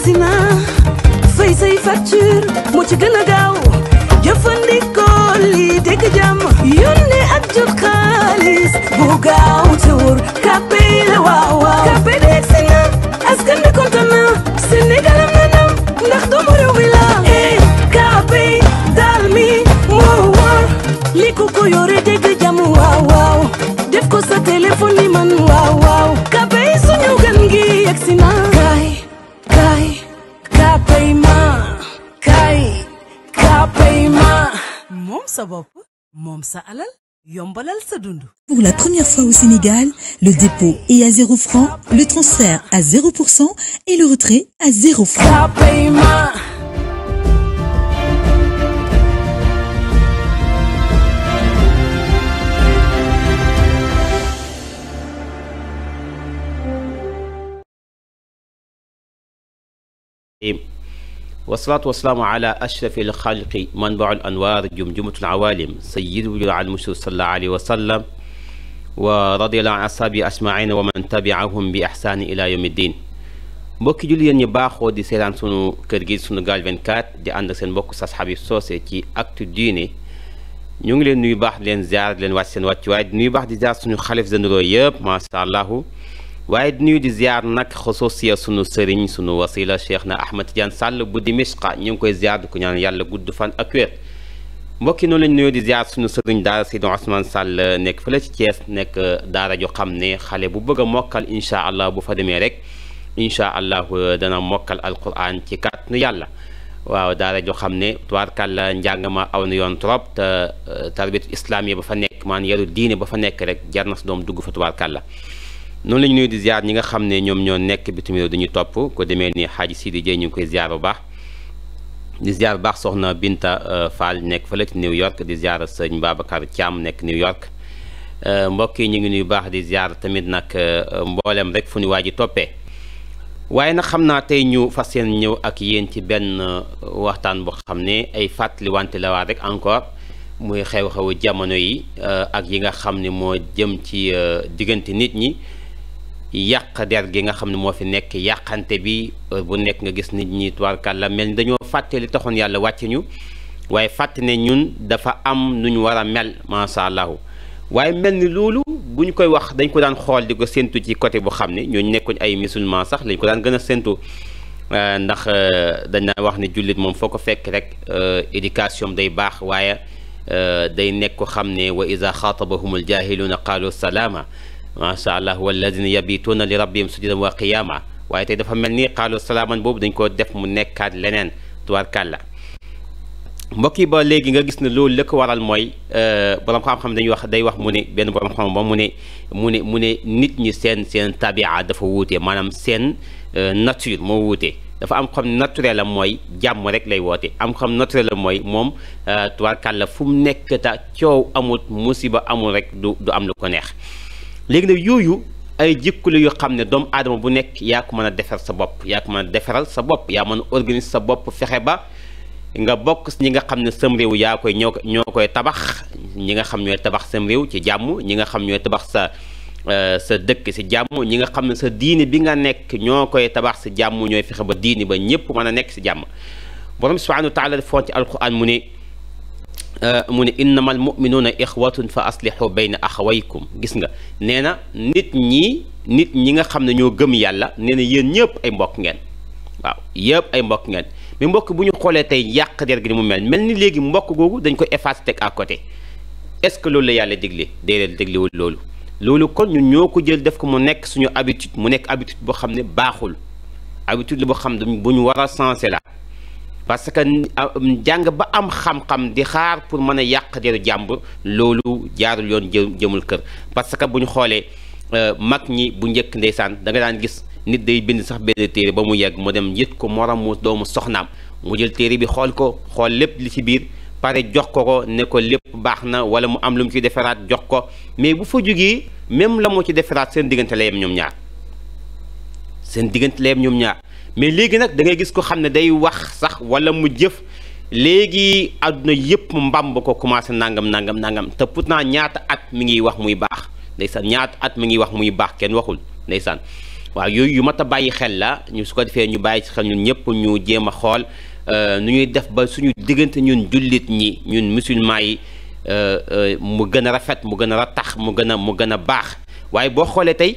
agsi na fay say facture moo ci gën a gaaw jëfandikoo lii dégg jàmm yónnee ak jot xaalis bu gaaw te wóor kàppe yi la waaw waaw kàppe de agsi na askan bi kontaan na Sénégal na ndam ndax doomu réew mi la eh kàppe daal mi li ko ko yore dégg jàmm sa bopp moom sa sa dund. Pour la première fois au Sénégal, le dépôt est à zéro franc, le transfert à et le retrait à zéro franc. wasalaatu wasalaamu ala ashrafi alxalqi manbaul anwaar jumjumatul awalim sayidul almushur sallallahu alayhi wa sallam wa radiallahu an asxaabi ajmaina wa man tabiahum bi ixsaani ila yawmi ddin mbokki julli yéen ñu baaxoo di seetaan sunu kër gi sunu gaal 24 di ànd ak seen mbokk sas Habib Socé ci actu diine ñu ngi leen nuyu baax di leen ziar di leen wàcc seen wàccuwaay di nuyu baax di ziar suñu xalif généraux yëpp macha allahu waaye di nuyu di ziar nag xususiya sunu sëriñ sunu wasila cheikh na Ahmad Tidiane Sall bu di misqa ñu ngi koy ziar di ko ñaan yàlla gudd fan ak wér mbokki noonu lañ nuyu di ziar sunu sëriñ daara Seydou Sall nekk fële ci Thiès nekk daara ju xam ne xale bu bëgg a mokkal incha allah bu fa demee rek incha allah euh, dana mokkal alquran ci kàttanu yàlla waaw daara ju xam ne tubaarkàlla njàng ma aw na yoon trop te euh, tarbiyatul islaam yi ba fa nekk maan yaru diine ba fa nekk rek jar na si doom dugg fa tubaarkàlla noonu la ñu di ziar ñi nga xam ne ñoom ñoo nekk bitim réew dañuy topp ko demee ni xaaji Sidi Dieye ñu ngi koy ziar bu baax di ziar baax soxna Binta euh, Fall nekk fële ci New York di ziar sëñ Babacar Thiam nekk New York euh, mbokk yi ñu ngi nuyu baax di ziar tamit nag euh, mbooleem rek fu ñu waa ji toppee waaye nag xam naa tey ñu fa seen ñëw ak yéen ci benn waxtaan boo xam ne ay fàttaliwante la waat rek encore muy xew-xewu jamono yi ak yi nga xam ne moo jëm ci diggante nit ñi yàq der gi nga xam ne moo fi nekk yàqante bi bu nekk nga gis nit ñi tubaarkàlla mel ni dañoo fàtte li taxoon yàlla wàcc ñu waaye fàtte ne ñun dafa am nu ñu war a mel macha waaye mel ni loolu bu ñu koy wax dañ ko daan xool di ko séntu ci côté bu xam ne ñooñu nekkuñ ay musulman sax lañ ko daan gën a séntu euh, ndax euh, dañ daan wax ne jullit moom foo ko fekk rek euh, éducation day baax waaye day nekk ko xam ne wa iza xaatabahumul jaahiluuna qaalu salaama macha allah di yabituuna li rabbihim sujudan wa qiyaama waaye tey dafa mel ni xaalu salaaman boobu dañ ko def mu nekkaat leneen tubaarkàlla mbokk yi ba léegi nga gis ne loolu la ko waral mooy euh, borom xam-xam dañuy wax day wax mu ne benn borom xam mu ne mu ne mu ne nit ñi seen seen tabia dafa wuute maanaam seen euh, nature moo wuute dafa am xam naturel la mooy jàmm rek lay woote am xam naturel la mooy moom euh, tubaarkàlla fu mu nekk ta coow amul musiba amul rek du du am lu ko neex. léegi nag yooyu ay jikko la yoo xam ne doomu aadama bu nekk yaa ko mën a defar sa bopp yaa ko mën a defaral sa bopp yaa mën a organiser sa bopp fexe ba nga bokk ñi nga xam ne sam réew yaa koy ñoo ñoo koy tabax ñi nga xam tabax sam réew ci jàmm ñi nga xam ñooy tabax sa euh, sa dëkk si jàmm ñi nga xam ne sa diini bi nga nekk ñoo koy tabax si jàmm ñooy fexe ba diini ba ñépp mën a nekk si jàmm borom subhanahu wa taala defoon ci alquran mu ne Euh, mu ne innamal muminuuna ixwatun fa aslihu bayna axawaykum gis nga nee na nit ñi nit ñi nga xam ne ñoo gëm yàlla nee na yéen ñëpp ay mbokk ngeen waaw yëpp ay mbokk ngeen mais mbokk bu ñu xoolee tey yàq der gi ni mu mel mel ni léegi mbokk googu dañ ko effacé teg à côté est-ce que loolu la yàlla digle déedéet diglewul loolu loolu kon ñun ñoo ko jël def ko mu nekk suñu habitude mu nekk habitude boo xam ne baaxul habitude la boo xam ne bu ñu war a sensé la parce que jàng ba am xam-xam di xaar pour mën a yàq deru jàmbur loolu jaarul yoon jë jëmul kër parce que bu ñu xoolee euh, mag ñi bu njëkk ndeysaan da nga daan gis nit day bind sax benn téere ba mu yegg mu dem yët ko morom mu doomu soxnaam mu jël téere bi xool ko xool lépp li ci biir pare jox ko ko ne ko lépp baax na wala mu am lu mu ci defaraat jox ko mais bu fa jógee même la moo ci defaraat seen diggante la yem ñoom ñaar seen diggante la yem ñoom ñaar mais léegi nag da ngay gis ko xam ne day wax sax wala mu jëf léegi àdduna yëpp mbamb ko commencé nangam nangam nangam te pourtant ñaata at mu ngi wax muy baax ndeysaan ñaata at mi ngi wax muy baax kenn waxul ndeysaan waaw yooyu yu mat a bàyyi xel la ñu su ko defee ñu bàyyi ci xel ñun ñëpp ñu jéem a xool euh, nu ñuy def ba suñu diggante ñun jullit ñi ñun musulman yi euh, euh, mu gën a rafet mu gën a rattax mu gën a mu gën a baax waaye boo xoolee tey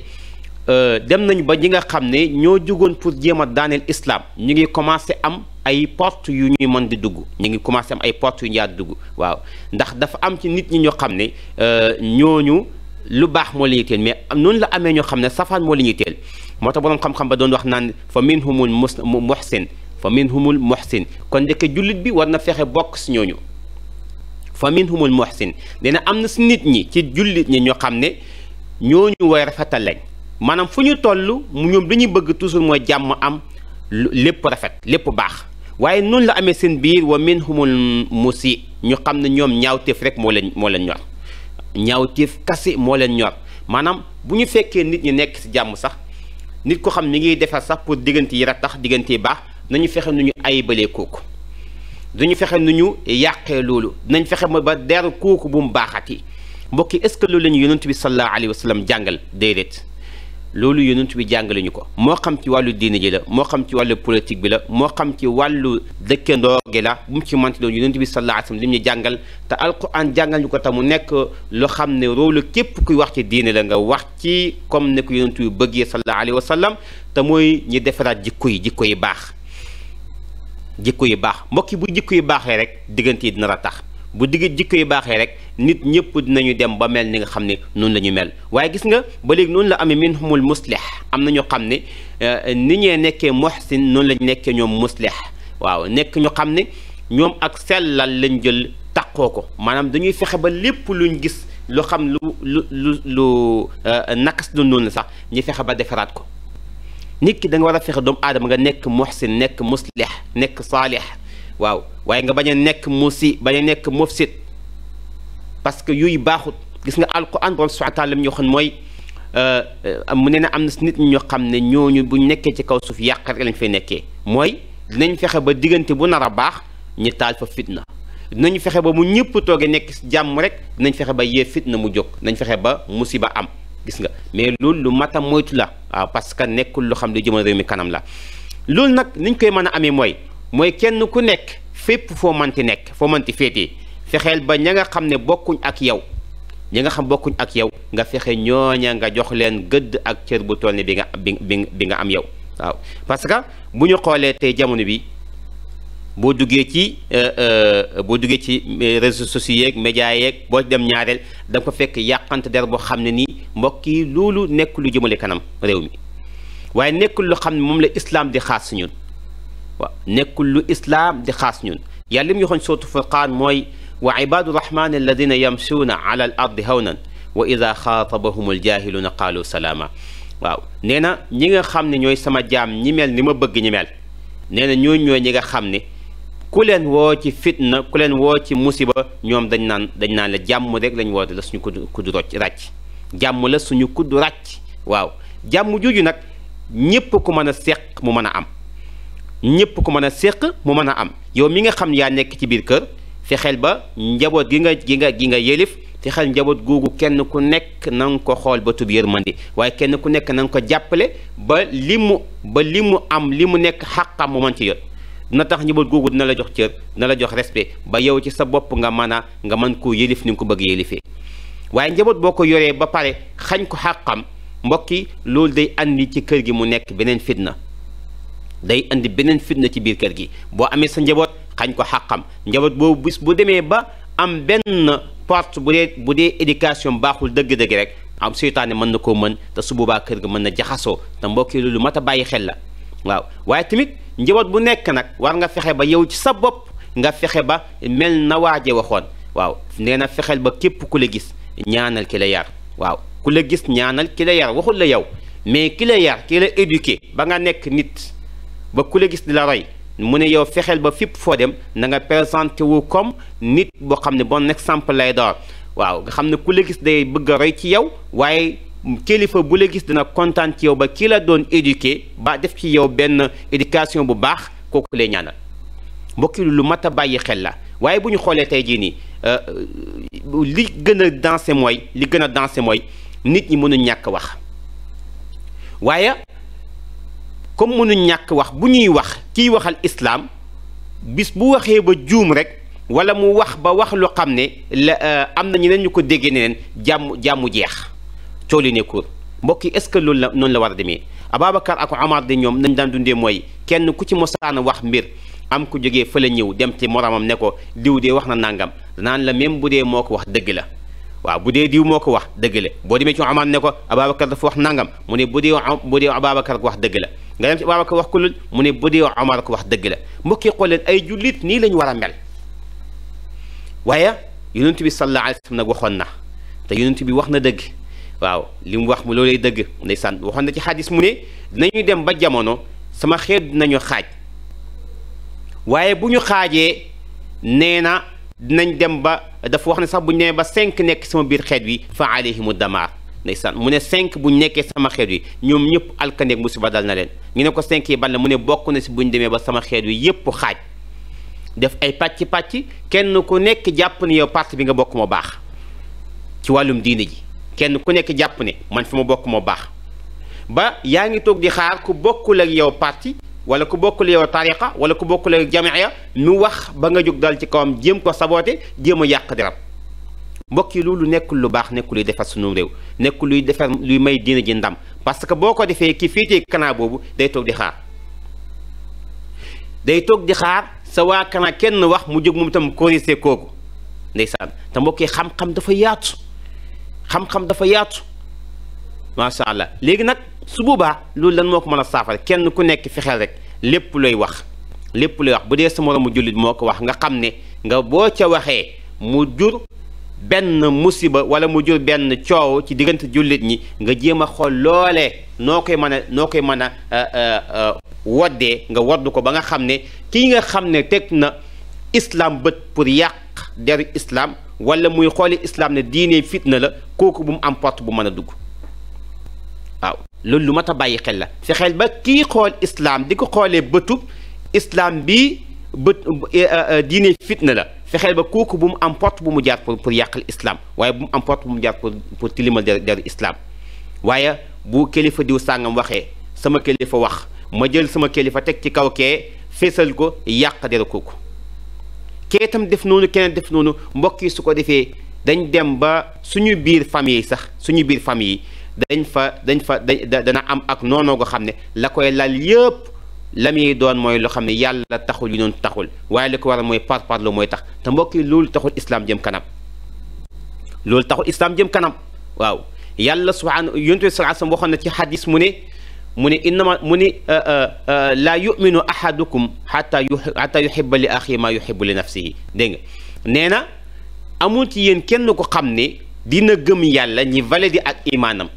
Euh, dem nañ ba ñi nga xam ne ñoo jugoon pour jéem a daaneel islaam ñu ngi commencé am ay port yu ñuy mën di dugg ñu ngi commencé am ay porte yu ñuy dugg waaw ndax dafa am ci nit ñi ñoo xam ne euh, ñooñu lu baax moo la ñuy teel noonu la amee ñoo xam ne safaan moo la ñuy teel moo tax boroom xam-xam ba doon wax naan fa minhumul mus muhsin fa minhumul muhsin kon ndeke jullit bi war na fexe bokk si ñooñu fa minhumul muhsin dina am na si nit ñi ci jullit ñi ñoo xam ne ñooñu way rafetal lañ maanaam fu ñu toll mu ñoom dañuy bëgg toujours mooy jàmm am lépp rafet lépp baax waaye noonu la amee seen biir wa minhumul si ñu xam ne ñoom ñaawteef rek moo leen moo leen ñor ñaawteef kase moo leen ñor maanaam bu ñu fekkee nit ñi nekk ci jàmm sax nit ko xam ni ngiy defar sax pour diggante yi ratax diggante yi baax ñu fexe nu ñu ay ayibalee kooku dañu fexe nu ñu yàqee loolu dinañ fexe ma ba deru kooku bu mu baaxat baaxati mbokki est ce que loolu la ñu yonent bi sallallahu alayhi wa sallam jàngal déedéet loolu yonent bi jàngale ñu ko moo xam ci wàllu diine ji la moo xam ci wàllu politique bi la moo xam ci wàllu dëkkandoo gi la bu mu ci manti doon yonent bi sallallahu alayhi wa sallam mu jàngal te alquran jàngal ñu ko te mu nekk loo xam ne rôle képp kuy wax ci diine la nga wax ci comme nekk ko yonent yu bëggee sallallahu alayhi wa sallam te mooy ñi defaraat jikko yi jikko yi baax jikko yi baax mbokki bu jikko yi baaxee rek diggante yi dina la tax bu digg jikko yu baaxee rek nit ñëpp dinañu dem ba mel ni nga xam ne noonu la ñu mel waaye gis nga ba léegi noonu la amee minhumul muslih am na ñoo xam ne euh, ni ñee nekkee muhsin noonu la ñu nekkee ñoom muslih waaw nekk ñu xam ne ñoom ak sellal lañ jël taqoo ko maanaam dañuy fexe ba lépp luñ gis lu xam lu lu lu lu euh, nakas noonu sax ñu fexe ba defaraat ko nit ki da nga war a fexe doomu aadama nga nekk muhsin nekk muslih nekk saalih waaw waaye nga bañ a nekk musi bañ a nekk mufsid parce que yooyu baaxut gis nga alquran borom subhana taala ñu xam mooy euh, mu ne na am na si nit ñoo xam ne ñooñu buñ nekkee ci kaw suuf yàq rek lañ fay nekkee mooy dinañ fexe ba diggante bu nar a baax ñu taal fa fitna dinañ fexe ba mu ñëpp toogee nekk si jàmm rek dinañ fexe ba yee fitna mu jóg dinañ fexe ba ba am gis nga mais loolu lu mat a moytu la waaw parce que nekkul loo xam ne jëmal réew mi kanam la loolu nag niñ koy mën a amee mooy mooy kenn ku nekk fépp foo ti nekk foo man ti féete fexeel ba ña nga xam ne bokkuñ ak yow ñi nga xam bokkuñ ak yow nga fexe ñooña nga jox leen gëdd ak cër bu toll ne bi nga bi bi nga am yow waaw parce que bu ñu xoolee tey jamono bi boo duggee ci euh, euh, boo duggee ci euh, réseaux sociaux yeeg médias yeeg boo dem ñaareel da nga ko fekk yàqante der boo xam ne nii mbokk yi loolu nekk lu jëmale kanam réew mi waaye nekk lu xam ne moom la islam di xaas ñun. waaw nekkul lu islaam di xaas ñun yàlla li mu yoxoñ sootu furqaan mooy wa ibadu rahmani alladina yamsuuna ala al ardi hawnan wa ida xaatabahum aljahiluuna qaalu salaama waaw nee na ñi nga xam ne ñooy sama jaam ñi ni ma bëgg ñi mel nee na ñooñu ñooy ñi nga xam ne ku leen woo ci fitna ku leen woo ci musiba ñoom dañ naan dañ naan la jàmm rek lañ woote la suñu kudd kudd rocc ràcc jàmm la suñu kuddu ràcc waaw jàmm juju nag ñépp ku mën a seq mu mën a am ñépp ku mën a séq mu mën a am yow mi nga xam yaa nekk ci biir kër fexeel ba njaboot gi nga gi nga gi nga yélif te xel njaboot googu kenn ku nekk na nga ko xool ba tub yërmandi waaye kenn ku nekk nanga ko jàppale ba li mu ba li mu am li mu nekk xaqam mu man ci yot dina tax njaboot googu dina la jox cër dina la jox respe ba yow ci sa bopp nga mën a nga mën koo yëlif ni nga ko bëgg yëlifee waaye njaboot boo ko yoree ba pare xañ ko xàqam mbokki loolu day andi ci kër gi mu nekk beneen fitna day indi beneen fitna ci biir kër gi boo amee sa njaboot xañ ko xàqam njaboot boobu bis bu demee ba am benn porte bu dee bu dee éducation baaxul dëgg-dëgg rek am seytaane mën na koo mën te su boobaa kër gi mën na jaxasoo te mbokk lu loolu mat a bàyyi xel la waaw waaye tamit njaboot bu nekk nag war nga fexe ba yow ci sa bopp nga fexe ba mel na waaje waxoon waaw nee na fexeel ba képp ku la gis ñaanal ki la yar waaw ku la gis ñaanal ki la yar waxul la yow mais ki la yar ki la éduqué ba nga nekk nit ba ku la gis di la roy mu ne yow fexeel ba fépp foo dem na nga présenté wu comme nit boo xam ne bon exemple lay door waaw nga xam ne ku la gis day bëgg a roy ci yow waaye kilifa bu la gis dana kontaan ci yow ba kii la doon éduqué ba def ci yow benn éducation bu baax kooku lay ñaanal mbokki lu mat a bàyyi xel la waaye bu ñu xoolee tey jii nii euh, li gën a dansé mooy li gën a dansé mooy nit ñi mënuñ ñàkk wax waaye comme mënuñ ñàkk wax bu ñuy wax kiy waxal islaam bis bu waxee ba juum rek wala mu wax ba wax lu xam ne la euh, am na ñeneen ñu ko déggee ne leen jàmm jàmmu jeex coow li nekkul mbokk yi ce que loolu la noonu la war a demee Ababacar ak Omar de ñoom nañ daan dundee mooy kenn ku ci mosaan a wax mbir am ku jógee fële ñëw dem ci moromam ne ko diw dee wax na nangam naan la même bu dee moo ko wax dëgg la waaw bu dee diw moo ko wax dëgg la boo demee ci Omar ne ko Ababacar dafa wax nangam mu ne bu dee bu dee Ababacar wax dëgg la. nga dem ci Babacar wax ko loolu mu ne bu dee Omar ko wax dëgg la mbokk yi xool ay jullit nii lañ war a mel waaye yonent bi sallallahu alayhi wa waxoon na te yonent bi wax na dëgg waaw li mu wax mu loolay dëgg ndeysaan waxoon na ci xadis mu ne dinañuy dem ba jamono sama xeet dinañu xaaj waaye bu ñu xaajee nee na dinañ dem ba dafa wax ne sax bu ñu ba cinq nekk sama biir xeet wi fa alayhimu damaar ndeysaan mu ne cinq buñ nekkee sama xeet yi ñoom ñëpp alkandeeg musiba dal na leen ñu ne ko cinq yi ban la mu ne bokk na si buñ demee ba sama xeet yi yëpp xaaj def ay pàcc pàcc kenn ku nekk jàpp ne yow parti bi nga bokk moo baax ci wàllum diine ji kenn ku nekk jàpp ne man fi ma bokk moo baax ba yaa ngi toog di xaar ku bokkul ak yow parti wala ku bokkul yow tariqa wala ku bokkul ak ya nu wax ba nga jóg dal ci kawam jëm ko saboote jéem a yàq deram mbokk yi lu nekkul lu baax nekkul luy defar sunu réew nekkul luy defar luy may diina ji ndam parce que boo ko defee ki féetee kanaa boobu day toog di xaar day toog di xaar sa waa kanaa kenn wax mu jóg moom itam kooku ndeysaan te mbokk yi xam-xam dafa yaatu xam dafa yaatu macha allah léegi nag su boobaa loolu lan moo ko mën a saafara kenn ku nekk fexeel rek lépp looy wax lépp looy wax bu dee sa moromu jullit moo ko wax nga xam ne nga boo ca waxee mu jur. benn musiba wala mu jur benn coow ci diggante jullit ñi nga jéem a xool loole noo koy mën a noo koy mën a euh, euh, woddee nga wodd ko ba nga xam ne kii nga xam ne teg na islam bët pour yàq deru islam wala muy xooli islam ne diine fitna la kooku bu mu am porte bu mën a dugg waaw loolu lu mat a bàyyi xel la fexeel ba kii xool islam di ko xoolee bëtu islam bi bët e, e, e, diine fitna la fexeel ba kooku bu mu am porte bu mu jaar pour pour yàqal islam waaye bu mu am porte bu mu jaar pour pour tilimal der der islaam waaye bu kilifa diw sàngam waxee sama kilifa wax ma jël sama kilifa teg ci kaw kee feesal ko yàq der kooku kee itam def noonu keneen def noonu mbokk yi su ko defee dañ dem ba suñu biir yi sax suñu biir yi dañ fa dañ fa da dana am ak noonoo goo xam ne la koy lal yëpp la muy doon mooy loo xam ne yàlla taxul yu noonu taxul waaye li ko waral mooy par parlo mooy tax te mbokk yi loolu taxul islaam jëm kanam loolu taxul islaam jëm kanam waaw yàlla subhaanahu yonent bi sallallahu alayhi wa sallam waxoon na ci xadis mu ne mu ne innama mu ne euh, euh, euh, laa yuminu ahadukum xata yu xata yuxiba li axi maa yuxibu li nafsihi dégg nga nee na amul ci yéen kenn ko xam ne dina gëm yàlla ñi valide ak imaanam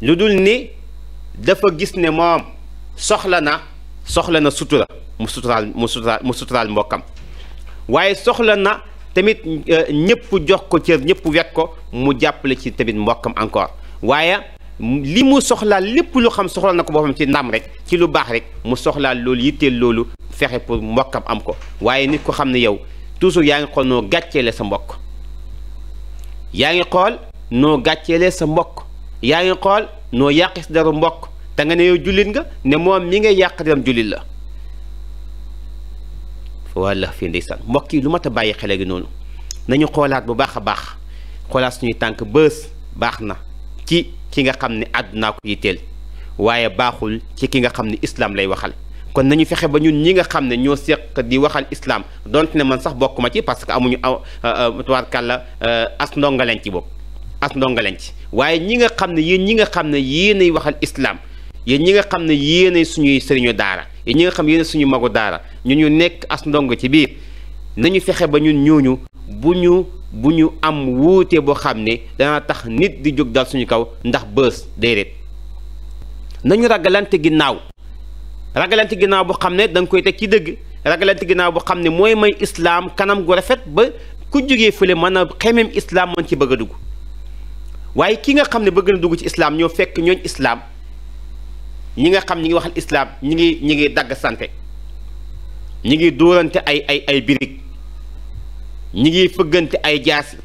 lu dul ne dafa gis ne moom soxla na soxla na sutura mu suturaal mu suturaal mbokkam waaye soxla na tamit euh, ñëpp jox ko cër ñëpp wet ko mu jàppale ci tamit mbokkam encore waaye li mu soxlaal lépp lu xam soxla na ko boppam ci ndam rek ci lu baax rek mu soxlaal loolu yitteel loolu fexe pour mbokkam am ko waaye nit ko xam ne yow toujours yaa ngi xool noo gàccee gàcceele sa mbokk yaa ngi xool noo gàcceele sa mbokk yaa ngi xool noo yàqis daru mbokk danga ne yow jullit nga ne moom mi ngay yàq dem jullit la walla fii ndeysaan mbokk yi lu mat a bàyyi xele gi noonu nañu xoolaat bu baax a baax xoolaat suñuy tànk bës baax na ci ki nga xam ne àddunaa ko yitteel waaye baaxul ci ki nga xam ne islaam lay waxal kon nañu fexe ba ñun ñi nga xam ne ñoo seq di waxal islaam dont ne man sax bokkuma ci parce que amuñu aw euh, euh, tubaarkàlla euh, as ndongaleen ci boobu as ndongaleen ci waaye ñi nga xam ne yéen ñi nga xam ne yéenay waxal islaam yéen ñi nga xam ne yéene suñuy sëriñu daara yéen ñi nga xam yéene suñu magu daara ñun ñu nekk as ndongo ci biir nañu fexe ba ñun ñooñu bu ñu bu ñu am wuute boo xam ne dana tax nit di jóg dal kaw ndax bës déedéet nañu ragalante ginnaaw ragalante ginnaaw boo xam ne da koy teg ci dëgg ragalante ginnaaw boo xam ne mooy may islaam kanam gu rafet ba ku jógee fële mën a xemeem islaam mën ci bëgg a dugg waaye ki nga xam ne bëgg na dugg ci islaam ñoo fekk ñooñ islaam ñi nga xam ñi ngi waxal islam ñi ngi ñi ngi dagg sante ñi ngi doorante ay ay ay birig ñi ngi fëggante ay jaasi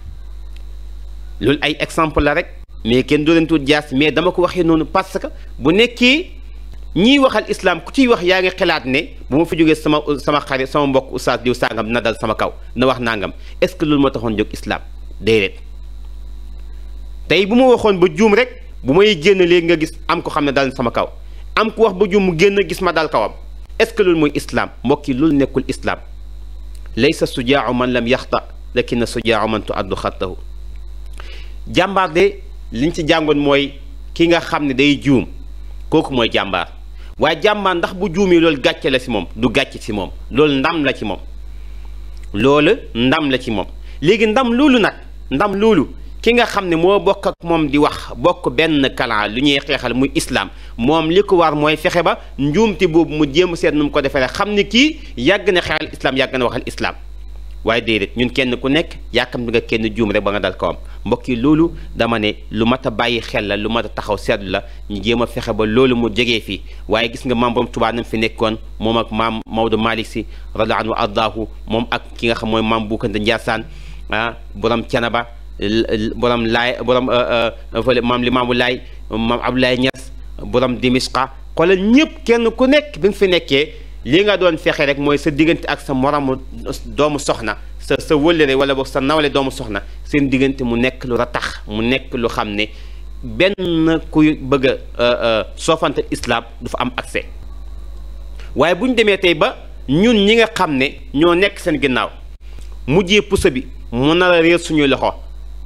loolu ay exemple la rek mais kenn dóorantuwul jaasi mais dama ko waxee noonu parce que bu nekkee ñiy waxal islam ku ciy wax yaa ngi xalaat ne bu ma fi jógee sama sama xarit sama mbokk oustaz diw sàngam na dal sama kaw na wax nangam est ce que loolu moo taxoon jóg islam déedéet tey bu ma waxoon ba juum rek bu may génn léegi nga gis am ko xam ne dal sama kaw am ku wax ba jum mu génn gis ma dal kawam est-ce que loolu mooy islaam mbokk yi loolu nekkul islaam laysa sujaau man lam yaxta na sujaau man tuaddu xattahu jàmbaar de liñ ci jàngoon mooy ki nga xam ne day juum kooku mooy jàmbaar waaye jàmbaar ndax bu juumee loolu gàcce la ci moom du gàcce ci moom loolu ndam la ci moom loolu ndam la ci moom léegi ndam loolu nag ndam loolu ki nga xam ne moo bokk ak moom di wax bokk benn kalan lu ñuy xeexal muy islaam moom li ko war mooy fexe ba njuumti boobu mu jéem seet nu mu ko defee xam ne kii yàgg na xeexal islaam yàgg na wax islaam waaye déedéet ñun kenn ku nekk yàkkamti nga kenn juum rek ba nga dal kawam mbokk yi loolu dama ne lu mat a bàyyi xel la lu mat a taxaw seetlu la ñu jéem a fexe ba loolu mu jegee fii waaye gis nga maam borom Tuubaa nam fi nekkoon moom ak maam Maodo Malick Sy radiyallaahu anhu ardaahu moom ak ki nga xam mooy maam Buukante Njaasaan ah borom Canaba borom laay borom euh, euh, fële maam Limaamu Laay maam Abdoulaye Niass borom Dimisqa xoolal ñëpp kenn ku nekk bi nga fi nekkee li nga doon fexe rek mooy sa diggante ak sa moromu doomu soxna sa sa wëllëre wala boog sa nawle doomu soxna seen diggante mu nekk lu ratax mu nekk lu xam ne benn kuy bëgg a euh, islaam du fa am accès waaye bu ñu demee tey ba ñun ñi nga xam ne ñoo nekk seen ginnaaw mujjee puso bi mu nar a réer suñuy loxo.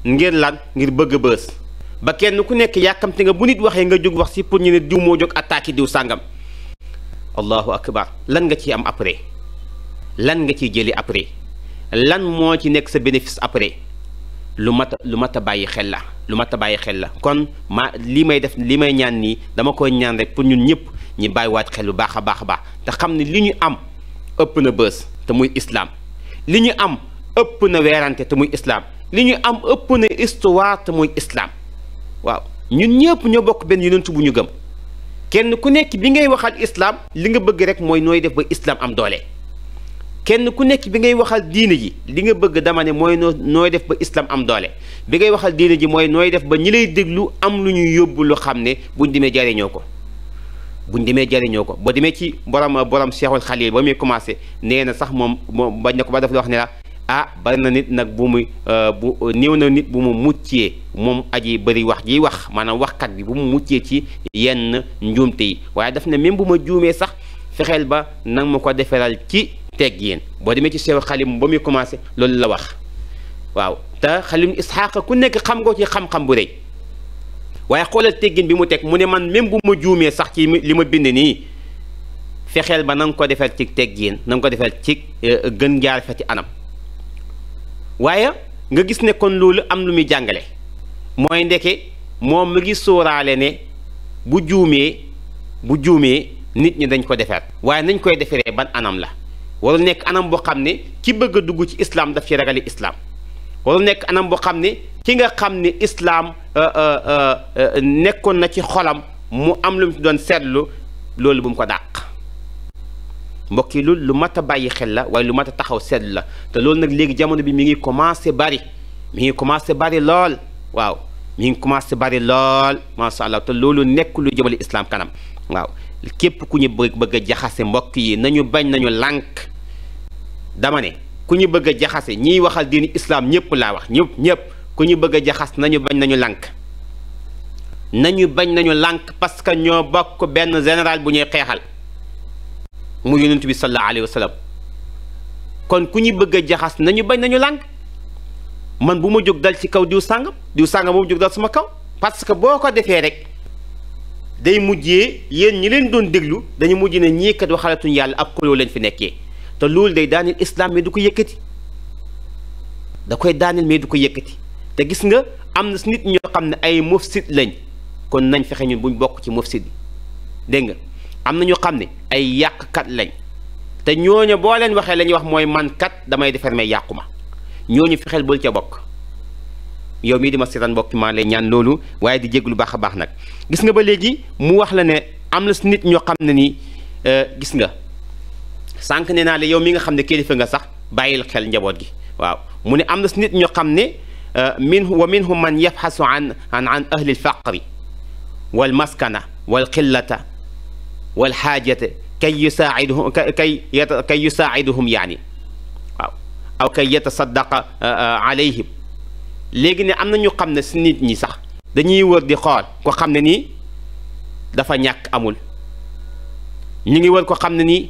ngir lan ngir bëgg bës ba kenn ku nekk yàkkamte nga bu nit waxee nga jóg wax si pour ñu ne diw moo jóg attaqué diw sàngam allahu akbar lan nga ciy am après lan nga ciy jëli après lan moo ci nekk sa bénéfice après lu mat lu mat a bàyyi xel la lu mat a bàyyi xel la kon ma li may def li may ñaan nii dama koy ñaan rek pour ñun ñëpp ñu bàyyiwaat xel lu baax a baax a baax te xam ne li ñu am ëpp na bës te muy islaam li ñu am ëpp na weerante te muy islaam li ñu am ëpp na histoire te muy islaam waaw ñun ñëpp ñoo bokk benn yu yonent bu ñu gëm kenn ku nekk bi ngay waxal islaam li nga bëgg rek mooy nooy def ba islaam am doole kenn ku nekk bi ngay waxal diine ji li nga bëgg dama mooy noo nooy def ba islaam am doole bi ngay waxal diine ji mooy nooy def ba ñi lay déglu am lu ñuy yóbbu lu xam ne buñ demee jariñoo ko buñ demee jariñoo ko ba demee ci borom borom Seexul Xaliil ba muy commencé nee na sax moom moom bañ na ko ba daf la wax ne la ah bari na nit nag bu muy euh, bu néew na nit bu mu muccee moom aji bari wax jiy wax maanaam waxkat bi bu mu muccee ci yenn njuumte yi waaye daf ne même bu ma juumee sax fexeel ba nanga ma ko deferal ci teg yéen boo demee ci sew xalim ba muy commencé loolu la wax waaw te ku nekk xam nga ci xam bu rëy waaye xoolal teggin bi mu teg mu ne man même bu ma juumee sax ci li ma bind nii fexeel ba nanga ko defal ci teggin na nga ko defal ci euh, gën jaar fa ci anam waaye nga gis ne kon loolu am lu muy jàngale mooy ndekke moom mu ngi sóoraale ne bu juumee bu juumee nit ñi dañ ko defeer waaye nañ koy deferee ban anam la warul nekk anam boo xam ne ci bëgg a dugg ci islaam daf ci ragale islaam warul nekk anam boo xam ne ki nga xam ne islaam euh, euh, euh, nekkoon na ci xolam mu am lu mu doon seetlu loolu bu mu ko dàq mbokk yi loolu lu mat a bàyyi xel la waaye lu mat a taxaw sedd la te loolu nag léegi jamono bi mu ngi commencé bari mu ngi commencé bari lool waaw mi ngi commencé bari lool macha allah te loolu nekk lu jëmale islam kanam waaw képp ku ñu bëgg a jaxase mbokk yi nañu bañ nañu lànk dama ne ku ñu bëgg a jaxase ñiy waxal diini islaam ñëpp laa wax ñëpp ñëpp ku ñu bëgg a jaxas nañu bañ nañu lànk nañu bañ nañu lànk parce que ñoo bokk benn général bu ñuy xeexal. mu yonent bi sallallahu alayhi wa kon ku ñu bëgg a jaxas nañu bañ nañu làng man bu ma jóg dal ci kaw diw sàngam diw sàngam bu ma jóg dal sama kaw parce que boo ko defee rek day mujjee yéen ñi leen doon déglu dañu mujj ne ñii kat waxalatuñ yàlla ab kuréel leen fi nekkee te loolu day daaneel islam mais du ko yëkkati da koy daaneel mais du ko yëkkati te gis nga am na si nit ñoo xam ne ay mufsid lañ kon nañ fexe ñun buñ bokk ci mufsid bi dégg nga. am na ñu xam ne ay yàqkat lañ te ñooñu boo leen waxee lañuy wax mooy man kat damay defar mais yàqu ma ñooñu fexeel bul ca bokk yow mii di ma seetaan bokk maa lay ñaan loolu waaye di jéglu baax a baax nag gis nga ba léegi mu wax la ne am na si nit ñoo xam ne ni euh, gis nga sànq nee naa la yow mi nga xam ne kilifa nga sax bàyyil xel njaboot gi waaw mu ne am na si nit ñoo xam ne euh, min wa minhum man yabxasu an an an ahli alfaqri wal maskana wal qillata wal xaajate kay yusaaciduhum kay yata kay yusaaciduhum yaani waaw aw kay yatasaddaqa alayhim léegi ne am na ñu xam ne si nit ñi sax dañuy wër di xool ko xam ne nii dafa ñàkk amul ñu ngi war ko xam ne nii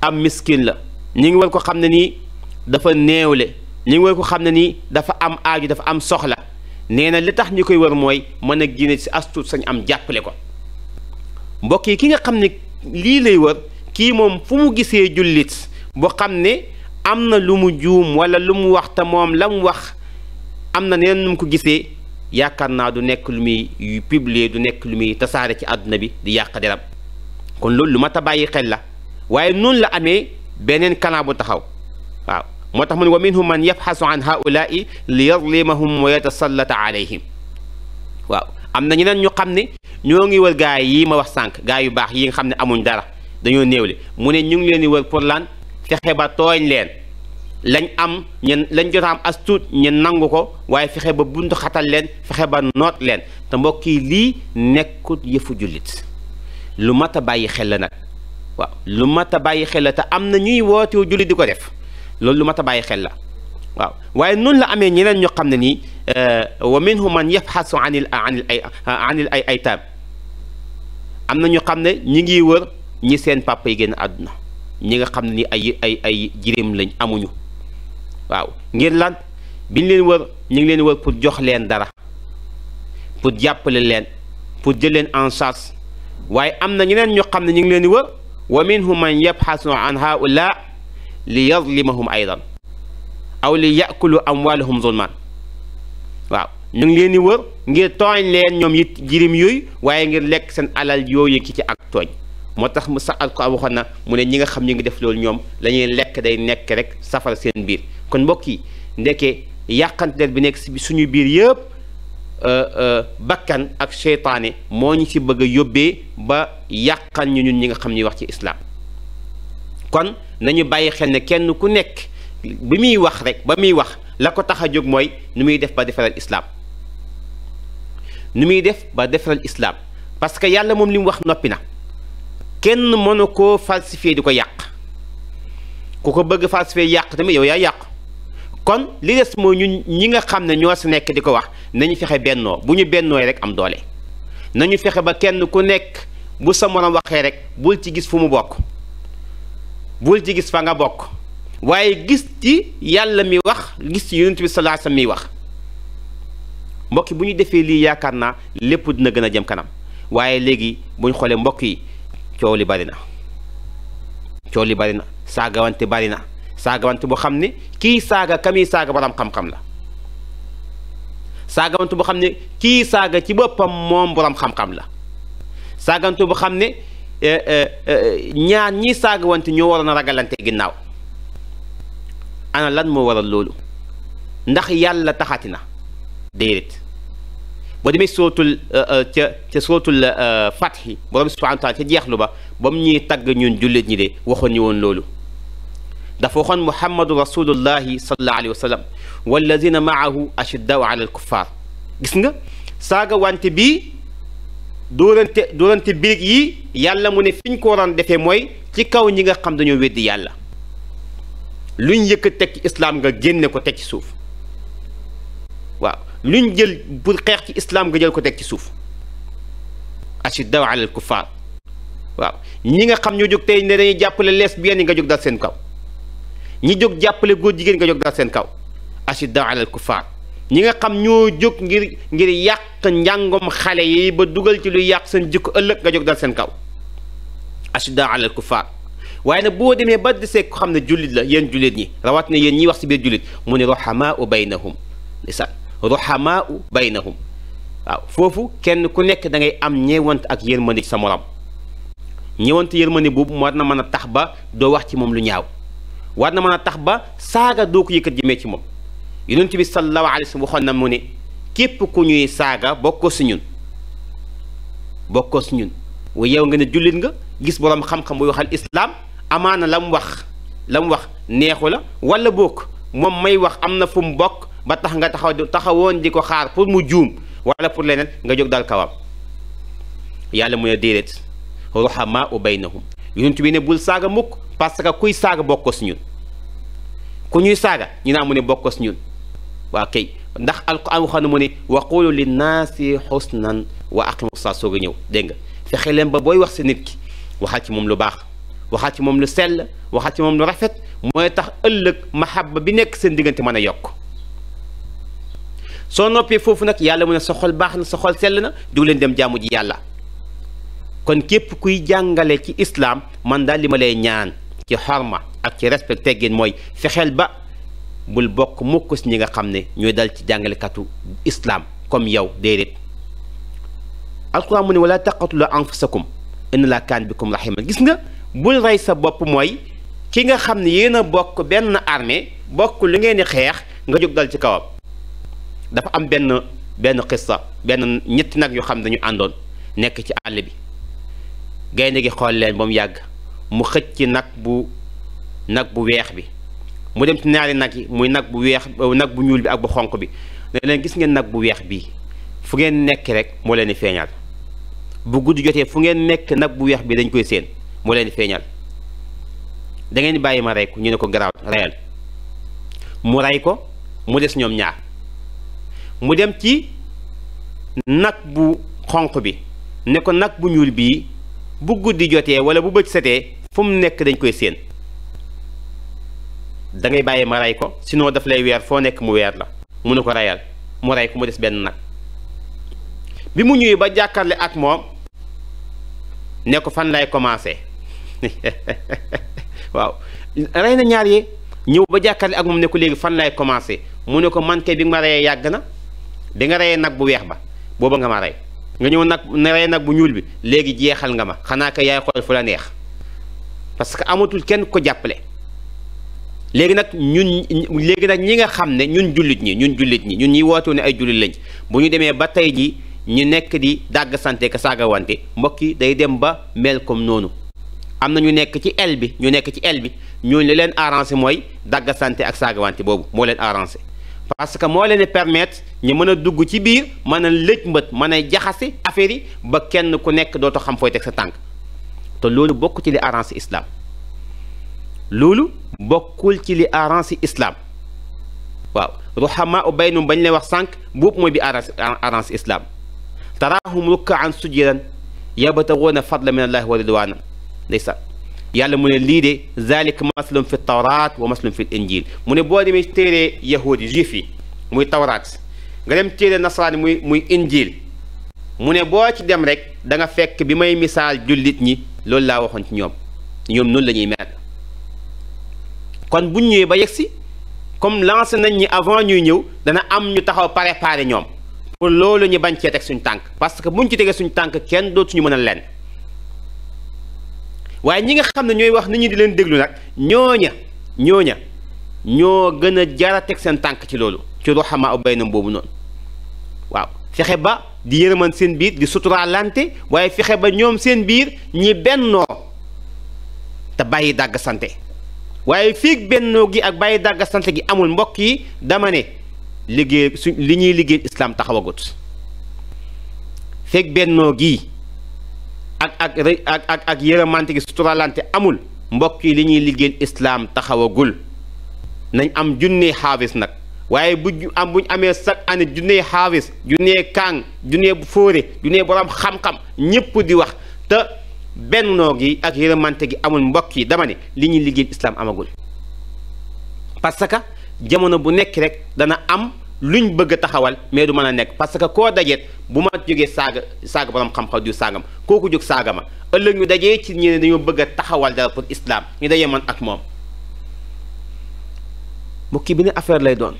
am miskin la ñu ngi ko xam ne nii dafa néewle ñu ngi wër ko xam ne nii dafa am aaju dafa am soxla nee na li tax ñu koy war mooy mën a génne si astuut sañ am jàppale ko mbokk yi ki nga xam ne lii lay wër kii moom fu mu gisee jullit boo xam ne am na lu mu juum wala lu mu wax te moom la wax am na neen num mu ko gisee yaakaar naa du nekk lu muy publier du nekk lu muy tasaare ci àdduna bi di yàq deram kon loolu lu ma a bàyyi xel la waaye noonu la amee beneen kanaa bu taxaw moo tax mu ne wa minhum man yabxasu an haulaai li yadlimahum wa yatasallat am na ñeneen ñu xam ne ñoo ngi wër gaay yi ma wax sànq gaay yu baax yi nga xam ne amuñ dara dañoo néewle mu ne ñu ngi leen di wër pour lan fexe ba tooñ leen lañ am ñen lañ jot am as tuut ñen nangu ko waaye fexe ba buntu xatal leen fexe ba noot leen te mbokk yi lii nekkut yëfu jullit lu mat a bàyyi xel la nag waaw lu mat a bàyyi xel la te am na ñuy wootewu jullit di ko def loolu lu mat a bàyyi xel la waaw waaye noonu la amee ñeneen ñoo xam ne nii euh, wa minhum man yabxasu anil anil ay anil ay aytaam am na ñu xam ne ñi ngi wër ñi seen papa yi génn àdduna ñi nga xam ne ni ay ay ay jirim lañ amuñu waaw ngir lan biñ leen wër ñu ngi leen wër pour jox leen dara pour jàppale leen pour jël leen en charge waaye am na ñeneen ñoo xam ne ñu ngi leen di wër wa minhum man yabxasu an haula li yazlimahum aydan aw li yàqulu amwaalahum zulman waaw ñu ngi leen di wër ngir tooñ leen ñoom it jirim yooyu waaye ngir lekk seen alal yooyu ki ci ak tooñ moo tax mu sax al ko waxoon na mu ne ñi nga xam ñu ngi def loolu ñoom la lekk day nekk rek safara seen biir kon mbokk yi ndeke yàqanteel bi nekk si suñu biir yëpp euh, euh, bakkan ak seytaane moo ñu ci bëgg a yóbbee ba yàqan ñu ñun ñi nga xam ni wax ci islaam kon nañu bàyyi xel ne kenn ku nekk bi muy wax rek ba muy wax la ko tax a jóg mooy ni muy def ba defaral islaam nu muy def ba defaral islaam parce que yàlla moom li mu wax noppi na kenn mënu koo falsifier di ko yàq ku ko bëgg falsifier yàq tamit yow yaa yàqu kon li des mooy ñu ñi nga xam ne ñoo si nekk di ko wax nañu fexe bennoo bu ñu bennooy rek am doole nañu fexe ba kenn ku nekk bu sa moroom waxee rek bul ci gis fu mu bokk bul ci gis fa nga bokk waaye gis ci yàlla mi wax gis ci yonent bi sallallahu alayhi wasallam mi wax mbokki bu ñu defee lii yaakaar naa lépp dina gën a jëm kanam waaye léegi bu ñu xoolee mbokk yi coow li bari na coow li bari na saagawante bari na saagawante bu xam ne kii saaga kami saaga borom xam-xam la saagawante bu xam ne kii saaga ci boppam moom borom xam-xam la saagawante bu xam ne eh, eh, eh, ñaar ñii saagawante ñoo waroon a ragalante ginnaaw ana lan moo wara loolu ndax yàlla taxaati na déedéet ba demee sootul euh, euh, ca ca sootul euh, fatxi borom subhanahu taala ca ba ba ñi ñuy tagg ñun jullit ñi de waxoon ñu woon loolu dafa waxoon muhammadu rasulullahi sallallahu alayhi wa sallam wallazina maahu ashiddaau ala alkuffar gis nga saaga wante bii dóorante dóorante biig yi yàlla mu ne fi ñu ko waroon defee mooy ci kaw ñi nga xam dañoo weddi yàlla lu luñ yëkk teg ci islaam nga génne ko teg ci suuf waaw luñ jël pour xeex ci islaam nga jël ko teg ci suuf ashiddaw alal kuffaar waaw ñi nga xam ñoo jóg tey ne dañuy jàppale lesbiennes yi nga jóg dal seen kaw ñi jóg jàppale góor jigéen nga jog dal seen kaw ashiddaw alal kuffaar ñi nga xam ñoo jóg ngir ngir yàq njàngom xale yi ba dugal ci luy yàq seen jikko ëllëg nga jóg dal seen kaw ashiddaw alal kuffaar waaye nag boo demee ba desee ko xam ne jullit la yéen jullit ñi rawat na yéen ñiy wax si biir jullit mu ne ruhamaau baynahum ndeysaan ruhamaau baynahum waaw foofu kenn ku nekk dangay ngay am ñeewant ak yërmande ci sa morom ñeewante yërmande boobu war na mën a tax ba doo wax ci moom lu ñaaw war na mën a tax ba saaga doo ko yëkkat jëmee ci moom yonent bi sallallahu alayhi wa sallam waxoon na mu ne képp ku ñuy saaga bokkoo si ñun bokkoo si ñun wa yow nga ne jullit nga gis boroom xam-xam buy waxal islaam amaana la mu wax la mu wax neexu la wala bokk moom may wax am na fu mu bokk ba tax nga taxaw taxawoon di ko xaar pour mu juum wala pour leneen nga jóg dal kawam yàlla mu ne déedéet ruhamaa u baynahum yonent bi ne bul saaga mukk parce que kuy saaga bokko si ñun ku ñuy saaga ñu naa mu ne bokko si ñun waa kay ndax alquran wax na mu ne waqulu linnaasi xusnan wa aqimu saa soo a ñëw dégg nga fexe leen ba booy wax si nit ki waxal ci moom lu baax waxaat ci moom lu sell waxaat ci moom lu rafet mooy tax ëllëg mahabba bi nekk seen diggante mën a yokk soo noppee foofu nag yàlla mu ne sa baax na sa sell na du leen dem jaamu ji yàlla kon képp kuy jàngale ci islaam man daal di ma lay ñaan ci xorma ak ci respect teggin mooy fexeel ba bul bokk mukk si ñi nga xam ne ñooy dal ci jàngalekatu islaam comme yow déedéet alquran mu ne wala taqatulu anfusakum inna laa kaan bikum rahiman gis nga bul rey sa bopp mooy ki nga xam ne yéen a bokk benn armée bokk lu ngeen di xeex nga jóg dal ci kawam dafa am benn benn xissa benn ñetti nag yu xam ne dañu àndoon nekk ci àll bi gaynde gi xool leen ba mu yàgg mu xëcc ci nag bu nag bu weex bi mu dem ci ñaari nag yi muy nag bu weex euh, nag bu ñuul bi ak bu xonq bi ne leen gis ngeen nag bu weex bii fu ngeen nekk rek moo leen di feeñal bu guddi jotee fu ngeen nekk nag bu weex bi dañ koy séen moo leen feeñal da ngeen bàyyi ma rey ko ñu ne ko garaaw reyal mu rey ko mu des ñoom ñaar mu dem ci nag bu xonq bi ne ko nag bu ñuul bii bu guddi jotee wala bu bëj setee fu mu nekk dañ koy séen dangay bàyyi ma rey ko sinon daf lay weer foo nekk mu weer la mu ne ko reyal mu rey ko mu des benn nag bi mu ñëwee ba jàkkaarle ak moom ne ko fan lay commencé waaw rey na ñaar yee ñëw ba jàkkaarle ak moom ne ko léegi fan laay commencé mu ne ko man kay bi nga ma reyee yàgg na bi nga reyee nag bu weex ba booba nga ma rey nga ñëw nag na rey nag bu ñuul bi léegi jeexal nga ma xanaa kay yaay xool fu la neex parce que amatul kenn ko jàppale léegi nag ñun léegi nag ñi nga xam ne ñun jullit ñi ñun jullit ñi ñun ñi wootoo ne ay jullit lañ bu ñu demee ba tey ji ñu nekk di dàgg sante ka saagawante mbokk yi day dem ba mel comme noonu am na ñu nekk ci el bi ñu nekk ci el bi ñooñu li leen arrangé mooy dagga santé ak saagawante boobu moo leen arrangé parce que moo leen di permettre ñu mën a dugg ci biir mën a lëj mbët mën a jaxase affaire yi ba kenn ku nekk dootoo xam fooy teg sa tànk te loolu bokk ci li arrangé islam loolu bokkul ci li arrangé islam waaw ruhamaa u baynum bañ leen wax sànq boobu mooy bi arrangé islam taraahum rukkaan sujjadan yabtaxuuna fadla min allahi wa ridwaana ndeysaan yàlla mu ne lii de zalika maslum fi tawraat wa maslum fi injil mu ne boo demee téere yahud yi juif yi muy tawraat nga dem téere nasaraan muy muy injil mu ne boo ci dem rek danga fekk bi may misaal jullit ñi loolu laa waxoon ci ñoom ñoom noonu la ñuy mel kon bu ñëwee ba yegsi comme lancé nañ ñi avant ñuy ñëw dana am ñu taxaw préparé ñoom pour loolu ñu bañ cee teg suñ tànk parce que buñ ci tegee suñu tànk kenn dootuñu mën a leen waaye ñi nga xam ne ñooy wax ni ñu di leen déglu nag ñooña ñooña ñoo gën a jara teg seen tànk ci loolu ci ruxamaa aw baynam boobu noonu waaw fexe ba di yërëman seen biir di suturaalante waaye fexe ba ñoom seen biir ñi bennoo te bàyyi dàgg waaye fii bennoo gi ak bàyyi dàgg sante gi amul mbokk yi dama ne liggéey li ñuy liggéey islaam taxawagut feeg bennoo gi ak ak ak ak ak yërëmante gi suturalante amul mbokk yi li ñuy liggéeyal islaam taxawagul nañ am junnee xaafis nag waaye bu am buñ amee chaque année junnee xaafis junnee kaang bu fóore junnee borom xam-xam ñëpp di wax te bennoo yi ak yërëmante gi amul mbokk yi dama ne li ñuy liggéey islaam amagul parce jamono bu nekk rek dana am luñ bëgg a taxawal mais du mën a nekk parce que koo dajeet bu ma jógee saaga saaga borom xam-xam du saagam kooku jóg saaga ma ëllëg ñu dajee ci ñeneen dañoo bëgg taxawal dara pour islam ñu dajee man ak moom mu kii bi ne affaire lay doon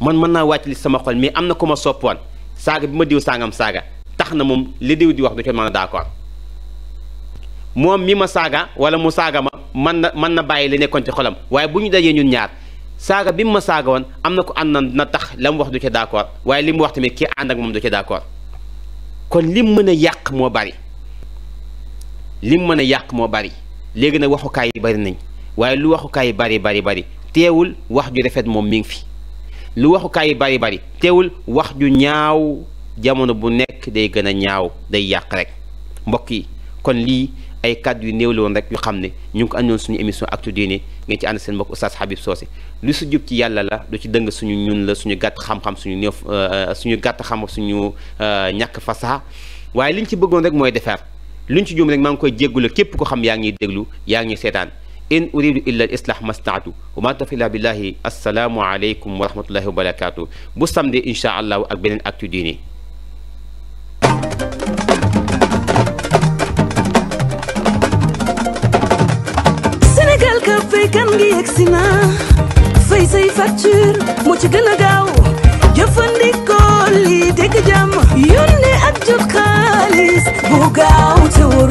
man mën naa wàcc sama xol mais am na ku ma soppoon saaga bi ma diw saagam saaga tax na moom li diw di wax du ca mën a d'accord moom mi ma saaga wala mu saaga ma man na mën na bàyyi li nekkoon ci xolam waaye bu ñu dajee ñun ñaar saaga bi mu ma saagoon am na ko ànd na tax la mu wax du ca d'accord waaye li mu wax tamit kii ànd ak moom du ca d'accord kon lim mën a yàq moo bari lim mën a yàq moo bari léegi nag waxukaay yi bari nañ waaye lu waxukaay yi bari bari bari teewul wax ju rafet moom mi ngi fi lu waxukaay yi bari bari teewul wax ju ñaaw jamono bu nekk day gën a ñaaw day yàq rek mbokk yi kon lii ay kàddu yu néew woon rek yu xam ne ñu ko àndoon suñu émission Actu Diiné ngeen ci ànd seen mbokk Oustaz Habib Socé lu su jub ci yàlla la du ci dëng suñu ñun la suñu gàtt xam-xam suñu néew euh, euh, suñu gàtt xam suñu euh, ñàkk fasaha waaye liñ ci bëggoon rek mooy defar luñ ci juum rek maa ngi koy jéggula képp ko xam yaa ngi déglu yaa ngi seetaan in uridu illa al islah mastaatu wa ma tawfiq illa billahi assalaamu aleykum wa rahmatullahi wa barakaatu bu samedi incha allahu ak beneen actu diini African gi yegsi na fay say facture moo ci gën a gaaw jëfandikoo lii dégg jàmm yónnee ak jot xaalis bu gaaw te wóor